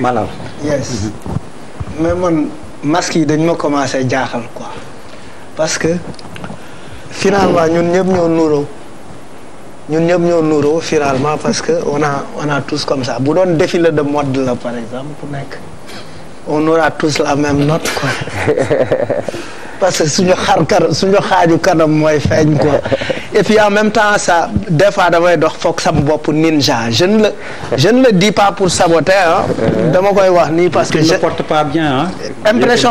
malal yes mais mon masque il dañ ma à jaaxal quoi parce que finalement nous ñëpp ñoo nous ñun ñëpp ñoo finalement parce que on a on a tous comme ça bu doon défilé de mode là par exemple on aura tous la même note quoi parce que suñu xar kanam suñu xaju kanam moy feeñ ko et puis en même temps ça des fois damay dox me sama pour ninja je ne le je ne le dis pas pour saboter hein. Euh. dama koy wax ni parce que. je ne porte pas bien hein. impression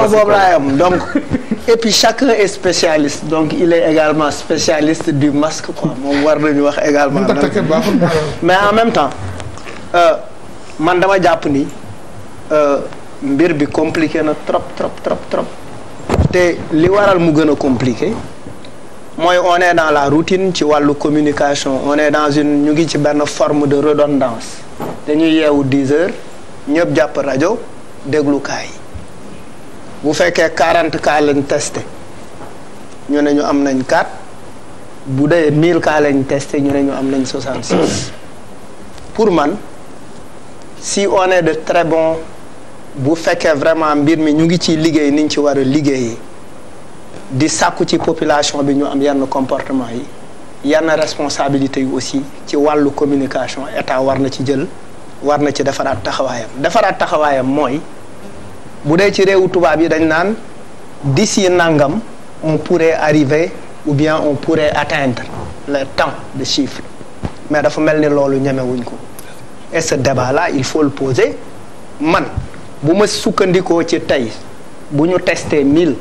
donc. et puis chacun est spécialiste donc il est également spécialiste du masque quoi mon war wax également. mais en même temps euh, man dama japp ni euh, mbir bi compliqué na trop trop trop trop. C'est li waral mu compliqué on est dans la routine ci la communication on est dans une forme de redondance dañuy à 10 heures ñëpp jàpp radio, déglukaay yi bu faites 40 cas lañ testé ñu ne ñu am nañ 4 bu 1000 cas lañ testé ñu 66 pour moi, si on est de très bons bu faites vraiment mbir mi ñu ngi ciy liggéey niñ ci war a liggéey di sàkku ci population bi ñu am Il comportement yi une responsabilité yu aussi ci le communication état war voir ci jël war na ci defaraat taxawaayam defaraat taxawaayam mooy bu dee ci réewu tubaab yi dañ naan d'ici nangam on pourrait arriver ou bien on pourrait atteindre le temps de chiffre mais dafa mel ni loolu ko et ce débat là il faut le poser maintenant. Si soukandi ko ci tay buñu testé 1000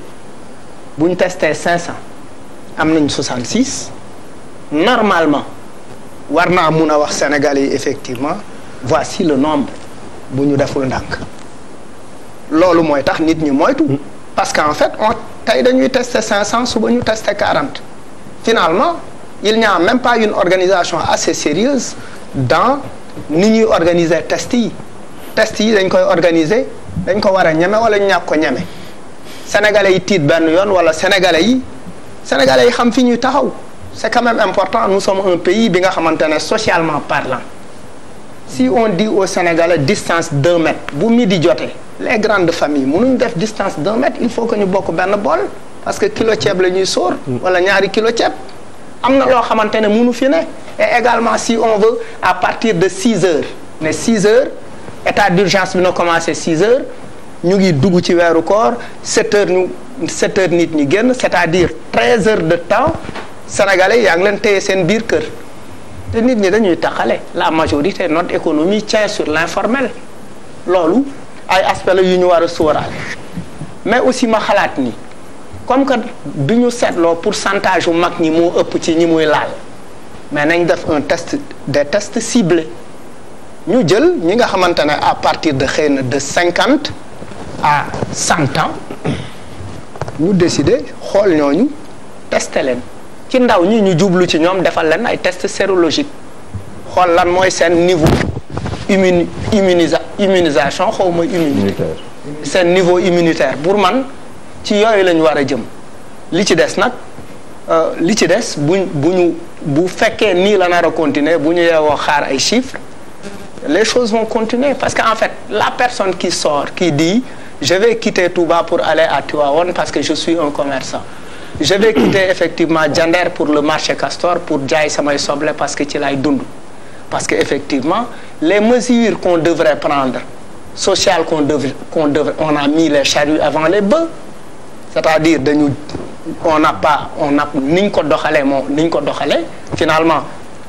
buñu testé 500 66 normalement warna amuna wax sénégalais effectivement voici le nombre buñu deful avons. lolu moy que nous avons moytu hmm. parce qu'en fait on tay testé 500 on a testé 40 finalement il n'y a même pas une organisation assez sérieuse dans ni organiser test yi dañ koy organiser dañ ko war a ñeme wala ñàkk ko ñeme sénégalais yi tiit benn yoon wala sénégalais yi sénégalais yi xam fi ñuy taxaw c'est quand même important nous sommes un pays bi nga xamante ne socialement parlant si on dit au sénégalais distance d'un mètre, bu midi di les grandes familles mënuñ def distance d'un mètre il faut que ñu bokk benn bol parce que kilo ceeb la ñuy sóor wala ñaari kilo ceeb am na loo xamante ne fi ne et également si on veut à partir de six heures ne six heures état d'urgence nous na commencé 6 heures nous avons dugg ci wéru corps 7 heures ñu 7 heures nit ñi génn c'est-à-dire 13 heures de temps sénégalais yaa leen téye sen biir kër té nit ñi dañuy taxale la majorité notre économie tient sur l'informel lolu ay aspect la yu ñu wara a mais aussi ma xalaat ni comme que biñu ñu pourcentage de mag ñi mo ëpp ci ñi muy laal mais nañ def un test des tests ciblés ñu jël ñi nga xamante ne à partir de xeyna de 50 à 100 ans ñu décider xol ñooñu tester leen ci ndaw ñi ñu djublu ci ñom defal leen ay test sérologique xol lan moy sen niveau immun immunisa immunisation xaw ma immunité seen niveau immunitaire pour man ci yoy lañ wara jëm li ci dess nak euh li ci dess buñu bu ñu bu fekkee nii la nar a continuer bu ñu xaar ay chiffres les choses vont continuer. Parce qu'en fait, la personne qui sort, qui dit je vais quitter Touba pour aller à Tuaon parce que je suis un commerçant. Je vais quitter effectivement Djander pour le marché Castor, pour Djaï Samay Soble parce que tu l'as Parce qu'effectivement, les mesures qu'on devrait prendre, sociales qu'on devrait, on a mis les charrues avant les bœufs. C'est-à-dire, on n'a pas, on n'a pas, finalement,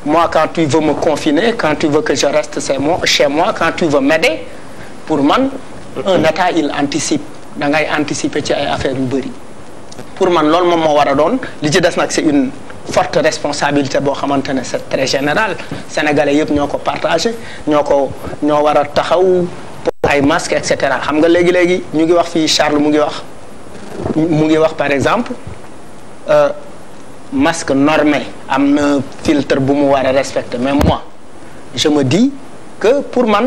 moi, quand tu veux me confiner, quand tu veux que je reste chez moi, quand tu veux m'aider, pour moi, un état il anticipe il ngay anticiper ci affaires de bëri pour moi, c'est ce que je a c'est une forte responsabilité c'est très général Les sénégalais ils ñoo partagé ñoo ko masques etc. cetera xam nga léegi Charles mu par exemple. Euh, masque normé un filtre pour me respecte. respecter mais moi je me dis que pour moi,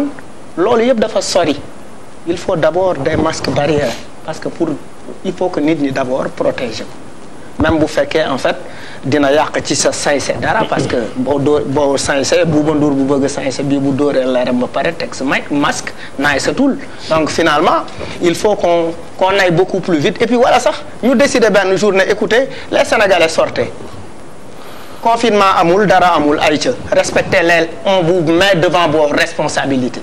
il faut d'abord des masques barrières parce que il faut que nous nous d'abord protéger même bu que en fait dina yak ci sa sañse dara mm-hmm. parce que boo bo boo sañse Bouba Ndour bu bëgg a bi bii bu la leeram ba pare texte mic masque naay sa donc finalement il faut qu'on qu'on aille beaucoup plus vite et puis voilà sax ñu décider benn journée écoutez les Sénégalais sortez confinement amul dara amul ay ca respectez les on vous met devant vos responsabilités